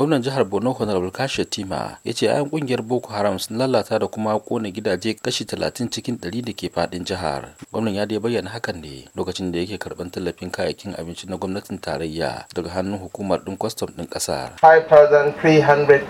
gwamnan jihar borno honorable kashi tima ya ce ayan kungiyar boko haram sun lalata da kuma kone gidaje kashi talatin cikin ɗari da ke fadin jihar gwamnan ya dai bayyana hakan ne lokacin da yake karban tallafin kayayyakin abinci na gwamnatin tarayya daga hannun hukumar din kwastam din kasar 5,335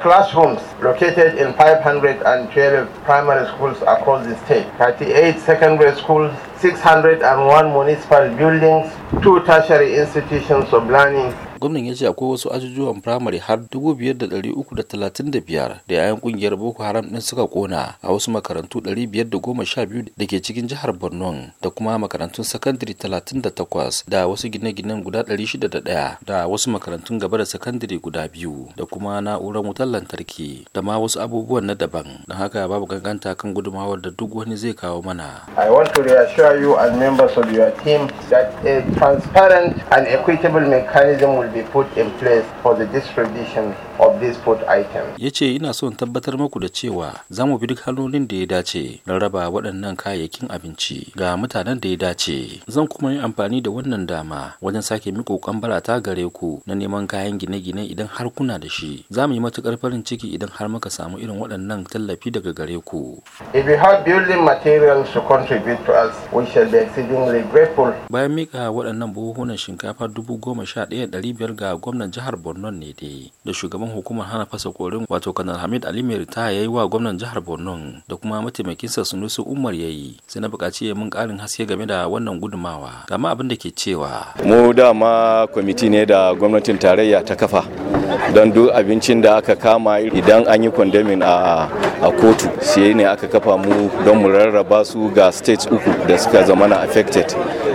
classrooms located in 512 primary schools across the state 38 secondary schools 601 municipal buildings two tertiary institutions of learning gwamnan ya ce akwai wasu ajujuwan firamare har 5,335 da yayan kungiyar boko haram din suka kona a wasu makarantu 512 da ke cikin jihar borno da kuma makarantun sakandiri 38 da wasu gine-ginen guda 601 da wasu makarantun gaba da sakandiri guda biyu da kuma na'urar wutar lantarki da ma wasu abubuwan na daban don haka babu ganganta kan gudumawar da duk wani zai kawo mana i want to reassure you as members of your team that a transparent and equitable mechanism will be put in place for the distribution of these food items. Ya ce ina son tabbatar muku da cewa za mu bi duk hannunin da ya dace don raba waɗannan kayayyakin abinci ga mutanen da ya dace. Zan kuma yi amfani da wannan dama wajen sake miko kambara ta gare ku na neman kayan gine-gine idan har kuna da shi. Za mu yi matuƙar farin ciki idan har muka samu irin waɗannan tallafi daga gare ku. If you have building materials to contribute to us, we shall be exceedingly grateful. Bayan mika waɗannan buhuhunan shinkafa dubu goma sha ɗaya ɗari biyar ga gwamnan jihar Borno ne dai da shugaban shugaban hukumar hana fasa korin wato kanar hamid ali mai ritaya ya wa gwamnan jihar borno da kuma mataimakin mataimakinsa sunusu umar ya yi sai na buƙaci ya mun ƙarin haske game da wannan gudumawa gama abin da ke cewa mu dama kwamiti ne da gwamnatin tarayya ta kafa don duk abincin da aka kama idan an yi kwandamin a kotu sai ne aka kafa mu don mu rarraba su ga states uku da suka zama na affected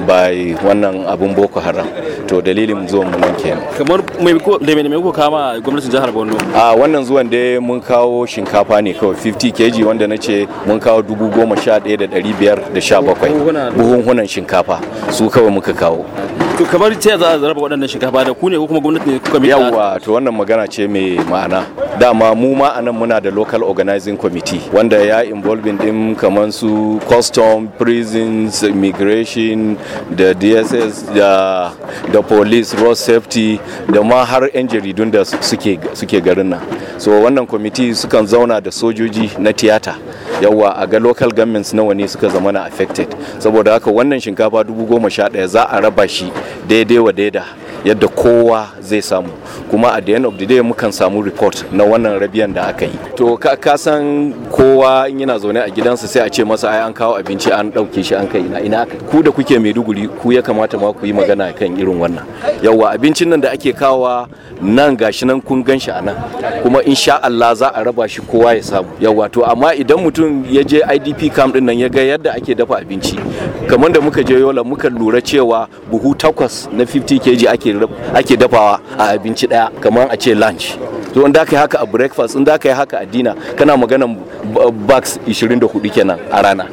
by wannan abun boko haram to dalilin zuwan mu nan kenan kamar mai da mai ko kama gwamnatin jihar Borno a wannan zuwan da mun kawo shinkafa ne kawai 50 kg wanda na ce mun kawo dubu goma sha ɗaya da ɗari biyar da sha bakwai buhunhunan shinkafa su kawai muka kawo to kamar ta za a raba waɗannan shinkafa da ku ne ko kuma gwamnati ne kuka mita yawa to wannan magana ce mai ma'ana dama mu ma anan muna da local organizing committee wanda ya involving din kamar su custom prisons immigration da dss da da police road safety da ma har yan jaridun da suke garin nan so wannan committee sukan zauna da sojoji na tiyata yawa a ga local governments nawa ne suka zama na affected saboda haka wannan shinkafa dubu goma sha ɗaya za a raba shi daidai wa daida yadda kowa zai samu kuma a the end of the day mukan samu report na wannan rabiyan da aka yi to ka san kowa in yana zaune a gidansa sai a ce masa ai an kawo abinci an ɗauke shi an kai ina ina ku da kuke maiduguri ku ya kamata ma ku yi magana kan irin wannan yawa abincin nan da ake kawa nan gashi nan kun gan shi a kuma insha Allah za a raba shi kowa ya samu yawa to amma idan mutum ya je IDP camp din nan ya ga yadda ake dafa abinci kamar da muka je yola muka lura cewa buhu takwas na 50 kg ake dafawa a abinci daya kamar a ce lunch to in ka yi haka a breakfast in ka yi haka a dina kana maganan bags 24 kenan a rana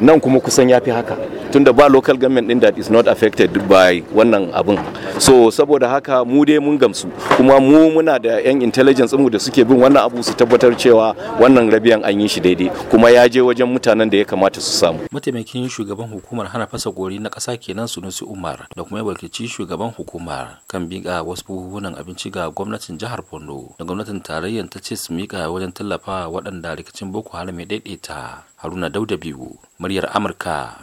nan kuma kusan ya fi haka tunda ba local government din that is not affected by wannan abun. so saboda haka mu dai mun gamsu kuma mu muna da yan intelligence mu da suke bin wannan abu su tabbatar cewa wannan rabiyan an yi shi daidai kuma ya je wajen mutanen da ya kamata su samu mataimakin shugaban hukumar hana fasa gori na kasa kenan su sunusi umar da kuma ya shugaban hukumar kan biƙa wasu buhunan abinci ga gwamnatin jihar borno da gwamnatin tarayyar ta ce su miƙa wajen tallafa waɗanda rikicin boko haram ya daidaita haruna dauda biyu muryar amurka